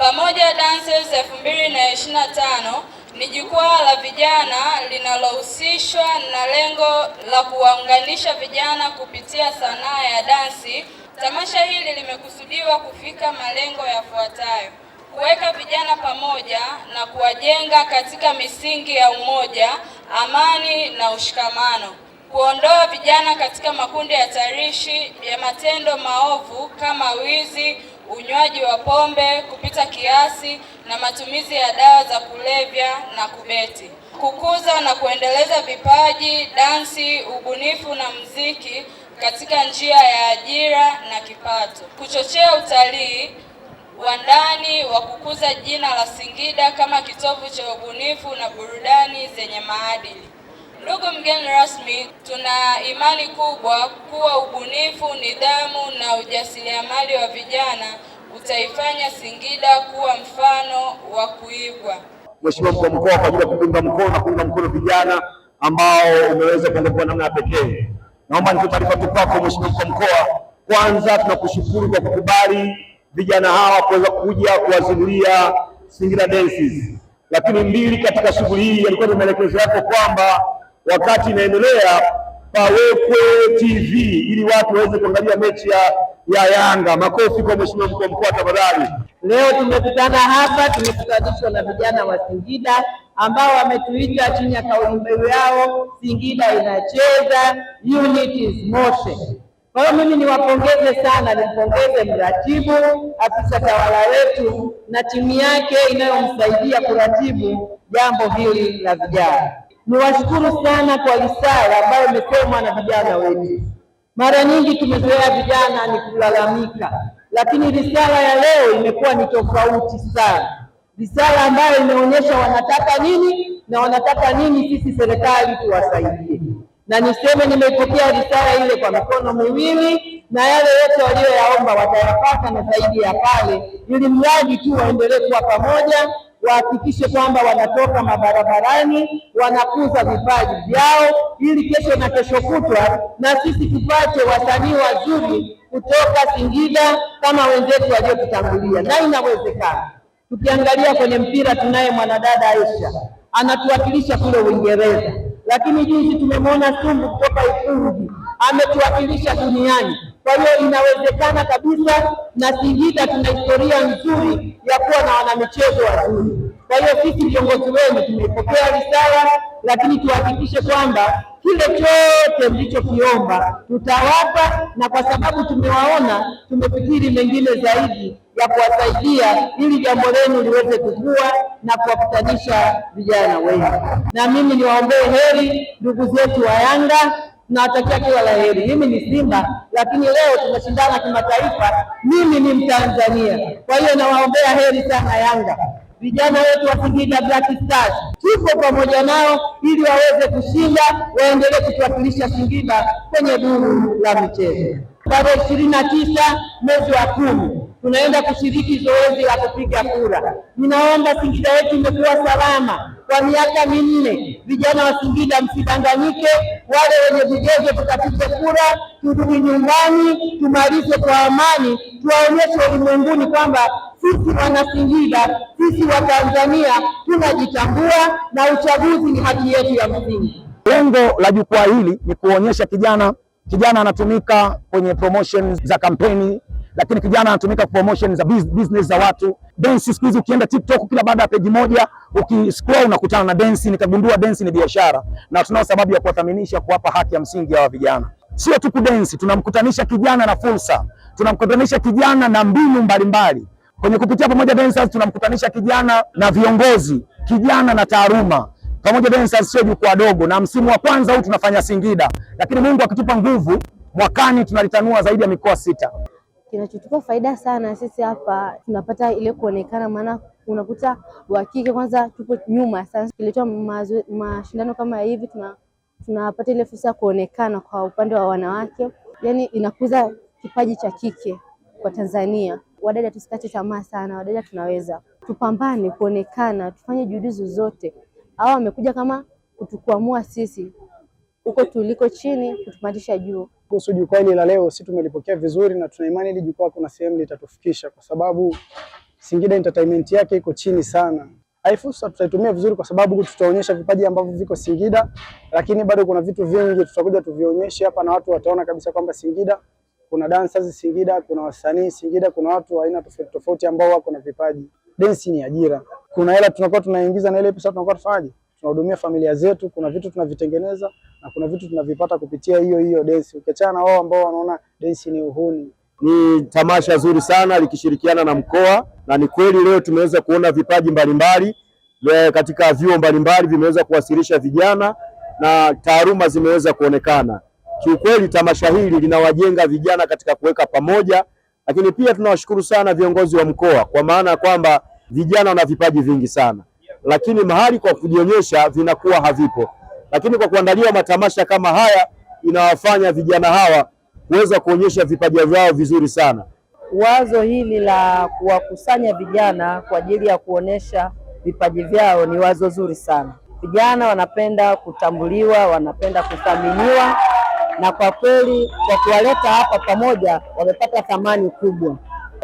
Pamoja Dances elfu mbili na ishirini na ni jukwaa la vijana linalohusishwa na lengo la kuwaunganisha vijana kupitia sanaa ya dansi. Tamasha hili limekusudiwa kufika malengo yafuatayo: kuweka vijana pamoja na kuwajenga katika misingi ya umoja, amani na ushikamano, kuondoa vijana katika makundi hatarishi ya matendo maovu kama wizi unywaji wa pombe kupita kiasi na matumizi ya dawa za kulevya na kubeti. Kukuza na kuendeleza vipaji, dansi, ubunifu na mziki katika njia ya ajira na kipato. Kuchochea utalii wa ndani wa kukuza jina la Singida kama kitovu cha ubunifu na burudani zenye maadili. Ndugu mgeni rasmi, tuna imani kubwa kuwa ubunifu, nidhamu na ujasiriamali wa vijana utaifanya Singida kuwa mfano wa kuigwa. Mheshimiwa Mkuu wa Mkoa, kwa ajili ya kuunga mkono na kuunga mkono vijana ambao umeweza kwenda kwa namna ya pekee, naomba nitoe taarifa tu kwako Mheshimiwa Mkuu wa Mkoa. Kwanza tunakushukuru kwa kukubali vijana hawa kuweza kuja kuwazindulia Singida Dances, lakini mbili, katika shughuli hii yalikuwa ni maelekezo yako kwamba wakati inaendelea pawekwe TV ili watu waweze kuangalia mechi ya, ya Yanga. Makofi kwa mheshimiwa mkuu wa mkoa tafadhali. Leo tumekutana hapa, tumekutanishwa na vijana wa Singida ambao wametuita chini ya kauli mbiu yao Singida inacheza unit is motion. Kwa hiyo mimi niwapongeze sana, nimpongeze mratibu, afisa tawala wetu na timu yake inayomsaidia kuratibu jambo hili la vijana. Niwashukuru sana kwa risala ambayo imesemwa na vijana wetu. Mara nyingi tumezoea vijana ni kulalamika, lakini risala ya leo imekuwa ni tofauti sana, risala ambayo imeonyesha wanataka nini na wanataka nini sisi serikali tuwasaidie. Na niseme nimeipokea risala ile kwa mikono miwili, na yale yote waliyoyaomba watayapata na zaidi ya pale, ili mradi tu waendelee kuwa pamoja wahakikishe kwamba wanatoka mabarabarani, wanakuza vipaji vyao, ili kesho na kesho kutwa na sisi tupate wasanii wazuri kutoka Singida kama wenzetu waliotutangulia, na inawezekana. Tukiangalia kwenye mpira, tunaye mwanadada Aisha anatuwakilisha kule Uingereza, lakini juzi tumemwona Sumbu kutoka Ikungi ametuwakilisha duniani. Kwa hiyo inawezekana kabisa, na Singida tuna historia nzuri ya kuwa na wanamichezo wazuri. Kwa hiyo sisi viongozi wenu tumepokea risala, lakini tuhakikishe kwamba kile chote mlichokiomba tutawapa, na kwa sababu tumewaona, tumefikiri mengine zaidi ya kuwasaidia ili jambo lenu liweze kukua na kuwakutanisha vijana wengi. Na mimi niwaombee heri ndugu zetu wa Yanga nawatakia kila la heri. Mimi ni Simba, lakini leo tunashindana kimataifa, mimi ni Mtanzania. Kwa hiyo nawaombea heri sana Yanga, vijana wetu wa Singida Black Stars, tuko pamoja nao ili waweze kushinda, waendelee kutuwakilisha Singida kwenye duru la michezo. Tarehe ishirini na tisa mwezi wa kumi tunaenda kushiriki zoezi la kupiga kura. Ninaomba Singida yetu imekuwa salama kwa miaka minne. Vijana wa Singida msidanganyike, wale wenye vigezo tukapige kura, turudi nyumbani, tumalize kwa amani, tuwaonyeshe ulimwenguni kwamba sisi Wanasingida, sisi wa tanzania tunajitambua na uchaguzi ni haki yetu ya msingi. Lengo la jukwaa hili ni kuonyesha kijana kijana anatumika kwenye promotion za kampeni lakini kijana anatumika promotion za business za watu. Dance siku hizi ukienda TikTok, kila baada ya peji moja ukiscroll unakutana na dance. Nikagundua dance ni biashara, na tunao sababu ya kuwathaminisha, kuwapa haki ya msingi hawa vijana. Sio tu kudensi, tunamkutanisha kijana na fursa, tunamkutanisha kijana na mbinu mbalimbali kwenye kupitia Pamoja Dancers. Tunamkutanisha kijana na viongozi, kijana na taaluma. Pamoja Dancers sio jukwaa dogo, na msimu wa kwanza huu tunafanya Singida, lakini Mungu akitupa nguvu, mwakani tunalitanua zaidi ya mikoa sita. Kinachotupa faida sana sisi hapa tunapata ile kuonekana, maana unakuta wakike kwanza tupo nyuma sana. Kiletwa mashindano kama hivi, tuna tunapata ile fursa ya kuonekana kwa upande wa wanawake, yani inakuza kipaji cha kike kwa Tanzania. Wadada tusikate tamaa sana, wadada tunaweza, tupambane kuonekana, tufanye juhudi zozote. Hawa wamekuja kama kutukuamua sisi huko tuliko chini kutupandisha juu. Kuhusu jukwaa hili la leo, sisi tumelipokea vizuri na tuna imani ile jukwaa kuna sehemu litatufikisha, kwa sababu Singida entertainment yake iko chini sana. Hai tutaitumia vizuri, kwa sababu tutaonyesha vipaji ambavyo viko Singida, lakini bado kuna vitu vingi tutakuja tuvionyeshe hapa na watu wataona kabisa kwamba Singida kuna dancers Singida, kuna wasanii Singida, kuna watu wa aina tofauti tofauti ambao wako na vipaji. Dance ni ajira, kuna hela tunakuwa tunaingiza na ile pesa tunakuwa tufanyaje tunahudumia familia zetu, kuna vitu tunavitengeneza na kuna vitu tunavipata kupitia hiyo hiyo densi, ukiachana na wao ambao wanaona densi ni uhuni. Ni tamasha zuri sana likishirikiana na mkoa, na ni kweli leo tumeweza kuona vipaji mbalimbali mbali, katika vyuo mbalimbali vimeweza kuwasilisha vijana na taaluma zimeweza kuonekana. Kiukweli tamasha hili linawajenga vijana katika kuweka pamoja, lakini pia tunawashukuru sana viongozi wa mkoa kwa maana ya kwamba vijana wana vipaji vingi sana lakini mahali kwa kujionyesha vinakuwa havipo. Lakini kwa kuandalia matamasha kama haya, inawafanya vijana hawa kuweza kuonyesha vipaji vyao vizuri sana. Wazo hili la kuwakusanya vijana kwa ajili ya kuonyesha vipaji vyao ni wazo zuri sana. Vijana wanapenda kutambuliwa, wanapenda kuthaminiwa, na kwa kweli kwa kuwaleta hapa pamoja wamepata thamani kubwa,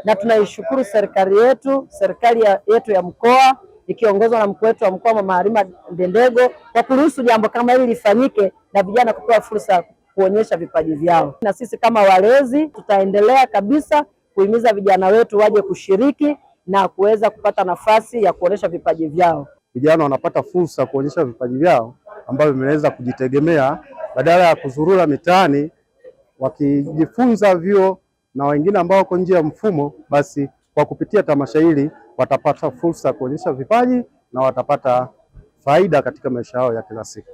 na tunaishukuru serikali yetu, serikali yetu ya mkoa ikiongozwa na mkuu wetu wa mkoa Mama Halima Ndendego kwa kuruhusu jambo kama hili lifanyike na vijana kupewa fursa ya kuonyesha vipaji vyao. Na sisi kama walezi tutaendelea kabisa kuhimiza vijana wetu waje kushiriki na kuweza kupata nafasi ya kuonyesha vipaji vyao. Vijana wanapata fursa ya kuonyesha vipaji vyao ambavyo vinaweza kujitegemea badala ya kuzurura mitaani wakijifunza vyo na wengine ambao wako nje ya mfumo basi kwa kupitia tamasha hili watapata fursa ya kuonyesha vipaji na watapata faida katika maisha yao ya kila siku.